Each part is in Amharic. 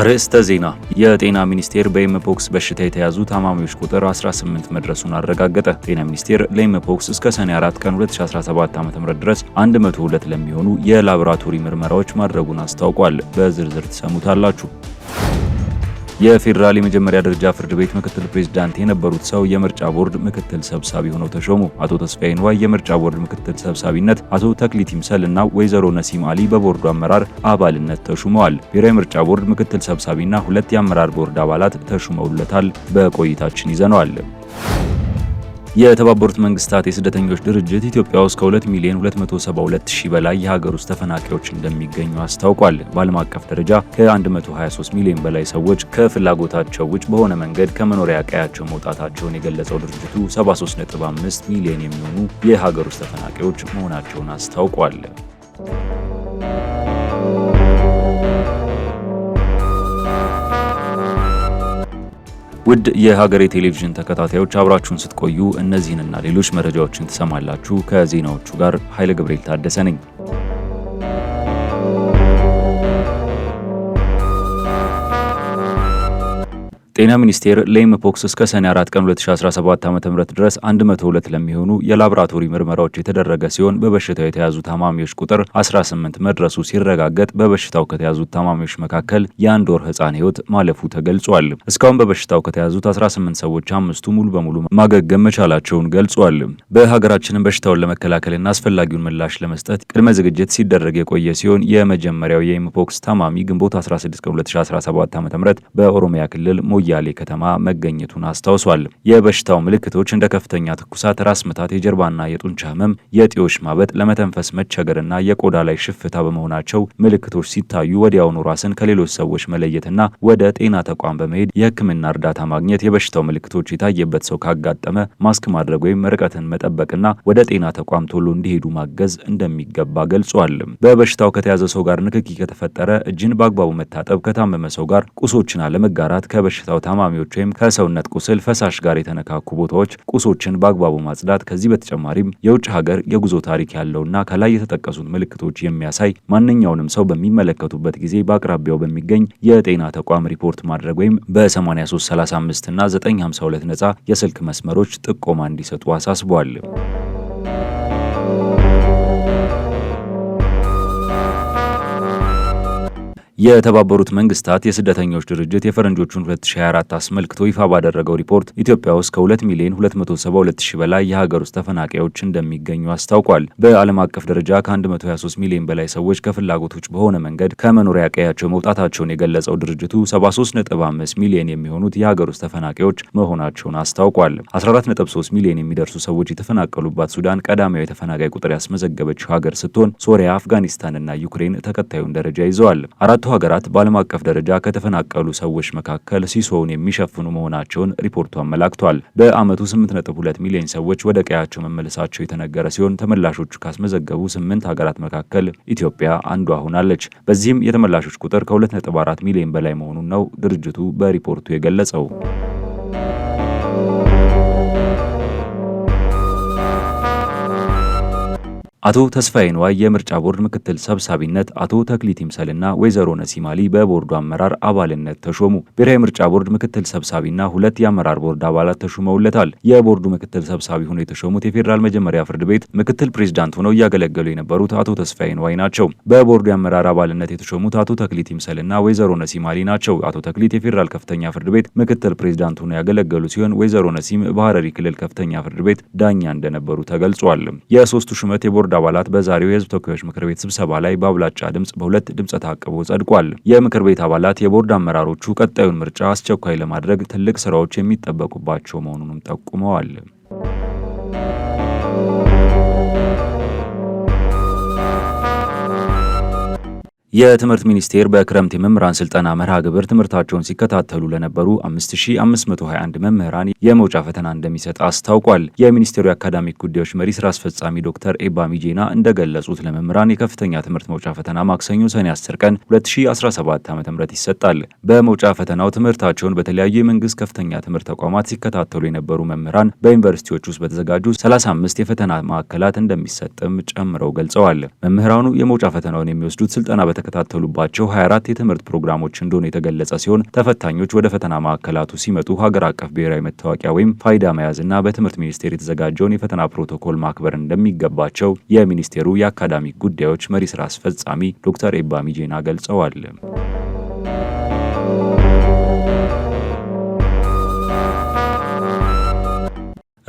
አርዕስተ ዜና። የጤና ሚኒስቴር በኤምፖክስ በሽታ የተያዙ ታማሚዎች ቁጥር 18 መድረሱን አረጋገጠ። ጤና ሚኒስቴር ለኤምፖክስ እስከ ሰኔ 4 ቀን 2017 ዓ.ም ድረስ 102 ለሚሆኑ የላቦራቶሪ ምርመራዎች ማድረጉን አስታውቋል። በዝርዝር ትሰሙታላችሁ። የፌዴራል የመጀመሪያ ደረጃ ፍርድ ቤት ምክትል ፕሬዝዳንት የነበሩት ሰው የምርጫ ቦርድ ምክትል ሰብሳቢ ሆነው ተሾሙ። አቶ ተስፋዬ ንዋይ የምርጫ ቦርድ ምክትል ሰብሳቢነት፣ አቶ ተክሊት ይምሰል እና ወይዘሮ ነሲም አሊ በቦርዱ አመራር አባልነት ተሹመዋል። ብሔራዊ ምርጫ ቦርድ ምክትል ሰብሳቢና ሁለት የአመራር ቦርድ አባላት ተሹመውለታል። በቆይታችን ይዘነዋል። የተባበሩት መንግስታት የስደተኞች ድርጅት ኢትዮጵያ ውስጥ ከ2 ሚሊዮን 272 ሺህ በላይ የሀገር ውስጥ ተፈናቃዮች እንደሚገኙ አስታውቋል። በዓለም አቀፍ ደረጃ ከ123 ሚሊዮን በላይ ሰዎች ከፍላጎታቸው ውጭ በሆነ መንገድ ከመኖሪያ ቀያቸው መውጣታቸውን የገለጸው ድርጅቱ 73.5 ሚሊዮን የሚሆኑ የሀገር ውስጥ ተፈናቃዮች መሆናቸውን አስታውቋል። ውድ የሀገሬ ቴሌቪዥን ተከታታዮች አብራችሁን ስትቆዩ እነዚህንና ሌሎች መረጃዎችን ትሰማላችሁ። ከዜናዎቹ ጋር ኃይለ ገብርኤል ታደሰ ነኝ። ጤና ሚኒስቴር ለኤምፖክስ እስከ ሰኔ 4 ቀን 2017 ዓ ም ድረስ 102 ለሚሆኑ የላብራቶሪ ምርመራዎች የተደረገ ሲሆን በበሽታው የተያዙ ታማሚዎች ቁጥር 18 መድረሱ ሲረጋገጥ በበሽታው ከተያዙት ታማሚዎች መካከል የአንድ ወር ህፃን ህይወት ማለፉ ተገልጿል። እስካሁን በበሽታው ከተያዙት 18 ሰዎች አምስቱ ሙሉ በሙሉ ማገገም መቻላቸውን ገልጿል። በሀገራችንም በሽታውን ለመከላከልና አስፈላጊውን ምላሽ ለመስጠት ቅድመ ዝግጅት ሲደረግ የቆየ ሲሆን የመጀመሪያው የኤምፖክስ ታማሚ ግንቦት 16 2017 ዓ ም በኦሮሚያ ክልል ሞያ ሞያሌ ከተማ መገኘቱን አስታውሷል። የበሽታው ምልክቶች እንደ ከፍተኛ ትኩሳት፣ ራስ ምታት፣ የጀርባና የጡንቻ ህመም፣ የጢዎች ማበጥ፣ ለመተንፈስ መቸገርና የቆዳ ላይ ሽፍታ በመሆናቸው ምልክቶች ሲታዩ ወዲያውኑ ራስን ከሌሎች ሰዎች መለየትና ወደ ጤና ተቋም በመሄድ የሕክምና እርዳታ ማግኘት፣ የበሽታው ምልክቶች የታየበት ሰው ካጋጠመ ማስክ ማድረግ ወይም ርቀትን መጠበቅና ወደ ጤና ተቋም ቶሎ እንዲሄዱ ማገዝ እንደሚገባ ገልጿል። በበሽታው ከተያዘ ሰው ጋር ንክኪ ከተፈጠረ እጅን በአግባቡ መታጠብ፣ ከታመመ ሰው ጋር ቁሶችን አለመጋራት፣ ከበሽታው ከሚመጣው ታማሚዎች ወይም ከሰውነት ቁስል ፈሳሽ ጋር የተነካኩ ቦታዎች ቁሶችን በአግባቡ ማጽዳት። ከዚህ በተጨማሪም የውጭ ሀገር የጉዞ ታሪክ ያለውና ከላይ የተጠቀሱት ምልክቶች የሚያሳይ ማንኛውንም ሰው በሚመለከቱበት ጊዜ በአቅራቢያው በሚገኝ የጤና ተቋም ሪፖርት ማድረግ ወይም በ8335 እና 952 ነጻ የስልክ መስመሮች ጥቆማ እንዲሰጡ አሳስቧል። የተባበሩት መንግስታት የስደተኞች ድርጅት የፈረንጆቹን 2024 አስመልክቶ ይፋ ባደረገው ሪፖርት ኢትዮጵያ ውስጥ ከ2 ሚሊዮን 272 ሺህ በላይ የሀገር ውስጥ ተፈናቃዮች እንደሚገኙ አስታውቋል። በዓለም አቀፍ ደረጃ ከ123 ሚሊዮን በላይ ሰዎች ከፍላጎት ውጭ በሆነ መንገድ ከመኖሪያ ቀያቸው መውጣታቸውን የገለጸው ድርጅቱ 735 ሚሊዮን የሚሆኑት የሀገር ውስጥ ተፈናቃዮች መሆናቸውን አስታውቋል። 143 ሚሊዮን የሚደርሱ ሰዎች የተፈናቀሉባት ሱዳን ቀዳሚያዊ ተፈናቃይ ቁጥር ያስመዘገበችው ሀገር ስትሆን ሶሪያ፣ አፍጋኒስታንና ዩክሬን ተከታዩን ደረጃ ይዘዋል። አራቱ ሀገራት በዓለም አቀፍ ደረጃ ከተፈናቀሉ ሰዎች መካከል ሲሶውን የሚሸፍኑ መሆናቸውን ሪፖርቱ አመላክቷል። በዓመቱ 8.2 ሚሊዮን ሰዎች ወደ ቀያቸው መመለሳቸው የተነገረ ሲሆን ተመላሾቹ ካስመዘገቡ ስምንት ሀገራት መካከል ኢትዮጵያ አንዷ ሆናለች። በዚህም የተመላሾች ቁጥር ከ2.4 ሚሊዮን በላይ መሆኑን ነው ድርጅቱ በሪፖርቱ የገለጸው። አቶ ተስፋዬ ንዋይ የምርጫ ቦርድ ምክትል ሰብሳቢነት፣ አቶ ተክሊት ይምሰልና ወይዘሮ ነሲማሊ በቦርዱ አመራር አባልነት ተሾሙ። ብሔራዊ ምርጫ ቦርድ ምክትል ሰብሳቢና ሁለት የአመራር ቦርድ አባላት ተሹመውለታል። የቦርዱ ምክትል ሰብሳቢ ሆነው የተሾሙት የፌዴራል መጀመሪያ ፍርድ ቤት ምክትል ፕሬዚዳንት ሆነው እያገለገሉ የነበሩት አቶ ተስፋዬ ንዋይ ናቸው። በቦርዱ የአመራር አባልነት የተሾሙት አቶ ተክሊት ይምሰልና ወይዘሮ ነሲማሊ ናቸው። አቶ ተክሊት የፌዴራል ከፍተኛ ፍርድ ቤት ምክትል ፕሬዚዳንት ሆነው ያገለገሉ ሲሆን ወይዘሮ ነሲም በሐረሪ ክልል ከፍተኛ ፍርድ ቤት ዳኛ እንደነበሩ ተገልጿል። የሶስቱ ሹመት የቦርድ ቦርድ አባላት በዛሬው የህዝብ ተወካዮች ምክር ቤት ስብሰባ ላይ በአብላጫ ድምጽ በሁለት ድምፀ ተአቅቦ ጸድቋል። የምክር ቤት አባላት የቦርድ አመራሮቹ ቀጣዩን ምርጫ አስቸኳይ ለማድረግ ትልቅ ስራዎች የሚጠበቁባቸው መሆኑንም ጠቁመዋል። የትምህርት ሚኒስቴር በክረምት የመምህራን ስልጠና መርሃ ግብር ትምህርታቸውን ሲከታተሉ ለነበሩ 5521 መምህራን የመውጫ ፈተና እንደሚሰጥ አስታውቋል። የሚኒስቴሩ የአካዳሚክ ጉዳዮች መሪ ስራ አስፈጻሚ ዶክተር ኤባ ሚጄና እንደገለጹት ለመምህራን የከፍተኛ ትምህርት መውጫ ፈተና ማክሰኞ ሰኔ 10 ቀን 2017 ዓ ም ይሰጣል። በመውጫ ፈተናው ትምህርታቸውን በተለያዩ የመንግስት ከፍተኛ ትምህርት ተቋማት ሲከታተሉ የነበሩ መምህራን በዩኒቨርሲቲዎች ውስጥ በተዘጋጁ 35 የፈተና ማዕከላት እንደሚሰጥም ጨምረው ገልጸዋል። መምህራኑ የመውጫ ፈተናውን የሚወስዱት ስልጠና ከተከታተሉባቸው 24 የትምህርት ፕሮግራሞች እንደሆነ የተገለጸ ሲሆን ተፈታኞች ወደ ፈተና ማዕከላቱ ሲመጡ ሀገር አቀፍ ብሔራዊ መታወቂያ ወይም ፋይዳ መያዝና በትምህርት ሚኒስቴር የተዘጋጀውን የፈተና ፕሮቶኮል ማክበር እንደሚገባቸው የሚኒስቴሩ የአካዳሚክ ጉዳዮች መሪ ስራ አስፈጻሚ ዶክተር ኤባ ሚጄና ገልጸዋል።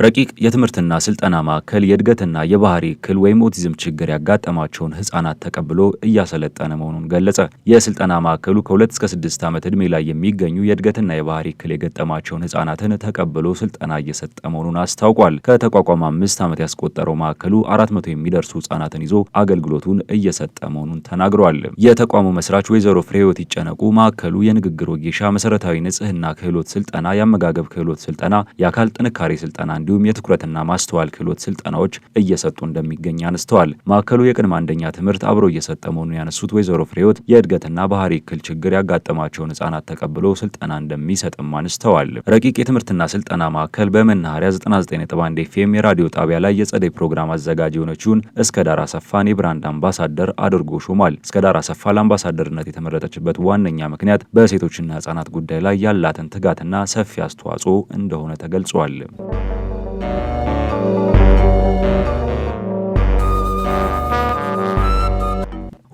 ረቂቅ የትምህርትና ስልጠና ማዕከል የእድገትና የባህሪ እክል ወይም ኦቲዝም ችግር ያጋጠማቸውን ህጻናት ተቀብሎ እያሰለጠነ መሆኑን ገለጸ። የስልጠና ማዕከሉ ከሁለት እስከ ስድስት ዓመት ዕድሜ ላይ የሚገኙ የእድገትና የባህሪ እክል የገጠማቸውን ህጻናትን ተቀብሎ ስልጠና እየሰጠ መሆኑን አስታውቋል። ከተቋቋመ አምስት ዓመት ያስቆጠረው ማዕከሉ አራት መቶ የሚደርሱ ህጻናትን ይዞ አገልግሎቱን እየሰጠ መሆኑን ተናግሯል። የተቋሙ መስራች ወይዘሮ ፍሬህይወት ይጨነቁ ማዕከሉ የንግግር ወጌሻ፣ መሰረታዊ ንጽህና ክህሎት ስልጠና፣ የአመጋገብ ክህሎት ስልጠና፣ የአካል ጥንካሬ ስልጠና እንዲሁ እንዲሁም የትኩረትና ማስተዋል ክህሎት ስልጠናዎች እየሰጡ እንደሚገኝ አንስተዋል። ማዕከሉ የቅድመ አንደኛ ትምህርት አብሮ እየሰጠ መሆኑን ያነሱት ወይዘሮ ፍሬህይወት የእድገትና ባህሪ እክል ችግር ያጋጠማቸውን ህጻናት ተቀብሎ ስልጠና እንደሚሰጥም አንስተዋል። ረቂቅ የትምህርትና ስልጠና ማዕከል በመናኸሪያ 99.1 ኤፍኤም የራዲዮ ጣቢያ ላይ የጸደይ ፕሮግራም አዘጋጅ የሆነችውን እስከዳር አሰፋን የብራንድ አምባሳደር አድርጎ ሾሟል። እስከዳር አሰፋ ለአምባሳደርነት የተመረጠችበት ዋነኛ ምክንያት በሴቶችና ህጻናት ጉዳይ ላይ ያላትን ትጋትና ሰፊ አስተዋጽኦ እንደሆነ ተገልጿል።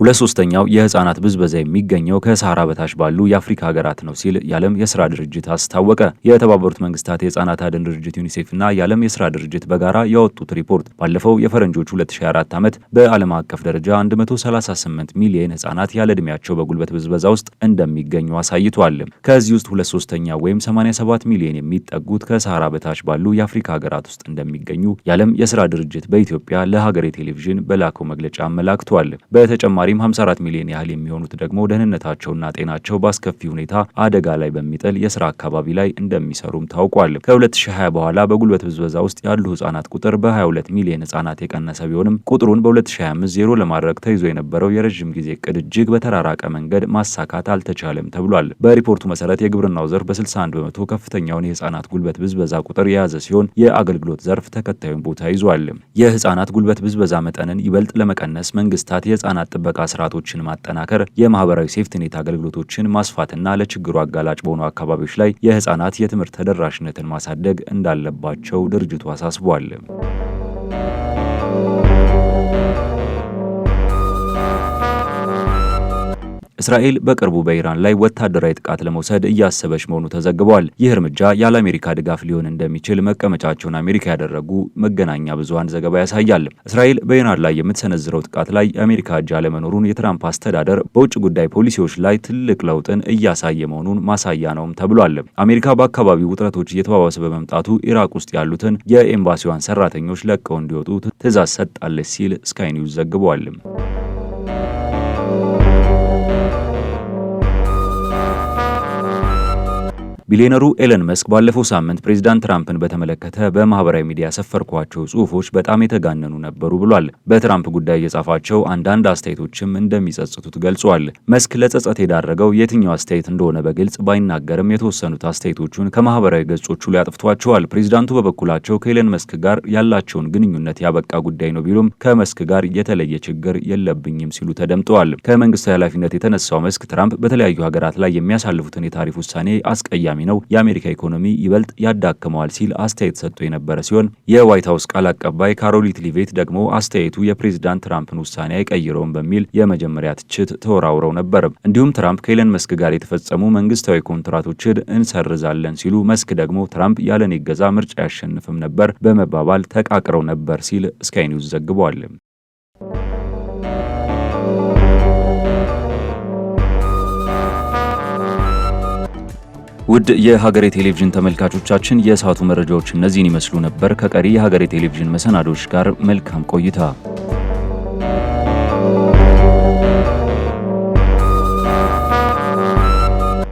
ሁለት ሶስተኛው የህፃናት ብዝበዛ የሚገኘው ከሰሃራ በታች ባሉ የአፍሪካ ሀገራት ነው ሲል የዓለም የስራ ድርጅት አስታወቀ። የተባበሩት መንግስታት የህፃናት አድን ድርጅት ዩኒሴፍ እና የዓለም የስራ ድርጅት በጋራ ያወጡት ሪፖርት ባለፈው የፈረንጆች 2024 ዓመት በዓለም አቀፍ ደረጃ 138 ሚሊየን ህፃናት ያለ በጉልበት ብዝበዛ ውስጥ እንደሚገኙ አሳይቷል። ከዚህ ውስጥ ሁለት ሶስተኛ ወይም 87 ሚሊዮን የሚጠጉት ከሰሃራ በታች ባሉ የአፍሪካ ሀገራት ውስጥ እንደሚገኙ የዓለም የስራ ድርጅት በኢትዮጵያ ለሀገሬ ቴሌቪዥን በላከው መግለጫ አመላክቷል። በተጨማሪ በተጨማሪም 54 ሚሊዮን ያህል የሚሆኑት ደግሞ ደህንነታቸውና ጤናቸው በአስከፊ ሁኔታ አደጋ ላይ በሚጥል የስራ አካባቢ ላይ እንደሚሰሩም ታውቋል። ከ2020 በኋላ በጉልበት ብዝበዛ ውስጥ ያሉ ህጻናት ቁጥር በ22 ሚሊዮን ህጻናት የቀነሰ ቢሆንም ቁጥሩን በ2025 ዜሮ ለማድረግ ተይዞ የነበረው የረዥም ጊዜ እቅድ እጅግ በተራራቀ መንገድ ማሳካት አልተቻለም ተብሏል። በሪፖርቱ መሰረት የግብርናው ዘርፍ በ61 በመቶ ከፍተኛውን የህጻናት ጉልበት ብዝበዛ ቁጥር የያዘ ሲሆን የአገልግሎት ዘርፍ ተከታዩን ቦታ ይዟል። የህጻናት ጉልበት ብዝበዛ መጠንን ይበልጥ ለመቀነስ መንግስታት የህጻናት ጥበቃ ጥበቃ ስርዓቶችን ማጠናከር፣ የማህበራዊ ሴፍትኔት አገልግሎቶችን ማስፋትና ለችግሩ አጋላጭ በሆኑ አካባቢዎች ላይ የህፃናት የትምህርት ተደራሽነትን ማሳደግ እንዳለባቸው ድርጅቱ አሳስቧል። እስራኤል በቅርቡ በኢራን ላይ ወታደራዊ ጥቃት ለመውሰድ እያሰበች መሆኑ ተዘግቧል። ይህ እርምጃ ያለ አሜሪካ ድጋፍ ሊሆን እንደሚችል መቀመጫቸውን አሜሪካ ያደረጉ መገናኛ ብዙሃን ዘገባ ያሳያል። እስራኤል በኢራን ላይ የምትሰነዝረው ጥቃት ላይ አሜሪካ እጅ አለመኖሩን የትራምፕ አስተዳደር በውጭ ጉዳይ ፖሊሲዎች ላይ ትልቅ ለውጥን እያሳየ መሆኑን ማሳያ ነውም ተብሏል። አሜሪካ በአካባቢው ውጥረቶች እየተባባሰ በመምጣቱ ኢራቅ ውስጥ ያሉትን የኤምባሲዋን ሰራተኞች ለቀው እንዲወጡ ትዕዛዝ ሰጣለች ሲል ስካይ ኒውስ ዘግቧል። ቢሊዮነሩ ኤለን መስክ ባለፈው ሳምንት ፕሬዚዳንት ትራምፕን በተመለከተ በማህበራዊ ሚዲያ ያሰፈርኳቸው ጽሁፎች በጣም የተጋነኑ ነበሩ ብሏል። በትራምፕ ጉዳይ የጻፋቸው አንዳንድ አስተያየቶችም እንደሚጸጽቱት ገልጿል። መስክ ለጸጸት የዳረገው የትኛው አስተያየት እንደሆነ በግልጽ ባይናገርም የተወሰኑት አስተያየቶቹን ከማህበራዊ ገጾቹ ላይ አጥፍቷቸዋል። ፕሬዚዳንቱ በበኩላቸው ከኤለን መስክ ጋር ያላቸውን ግንኙነት ያበቃ ጉዳይ ነው ቢሉም ከመስክ ጋር የተለየ ችግር የለብኝም ሲሉ ተደምጠዋል። ከመንግስታዊ ኃላፊነት የተነሳው መስክ ትራምፕ በተለያዩ ሀገራት ላይ የሚያሳልፉትን የታሪፍ ውሳኔ አስቀያሚ አስፈጻሚ ነው፣ የአሜሪካ ኢኮኖሚ ይበልጥ ያዳክመዋል ሲል አስተያየት ሰጥቶ የነበረ ሲሆን የዋይት ሀውስ ቃል አቀባይ ካሮሊት ሊቬት ደግሞ አስተያየቱ የፕሬዚዳንት ትራምፕን ውሳኔ አይቀይረውም በሚል የመጀመሪያ ትችት ተወራውረው ነበር። እንዲሁም ትራምፕ ከኤለን መስክ ጋር የተፈጸሙ መንግስታዊ ኮንትራቶችን እንሰርዛለን ሲሉ መስክ ደግሞ ትራምፕ ያለን ይገዛ ምርጫ አያሸንፍም ነበር በመባባል ተቃቅረው ነበር ሲል ስካይ ኒውስ ዘግቧል። ውድ የሀገሬ ቴሌቪዥን ተመልካቾቻችን የሰዓቱ መረጃዎች እነዚህን ይመስሉ ነበር። ከቀሪ የሀገሬ ቴሌቪዥን መሰናዶች ጋር መልካም ቆይታ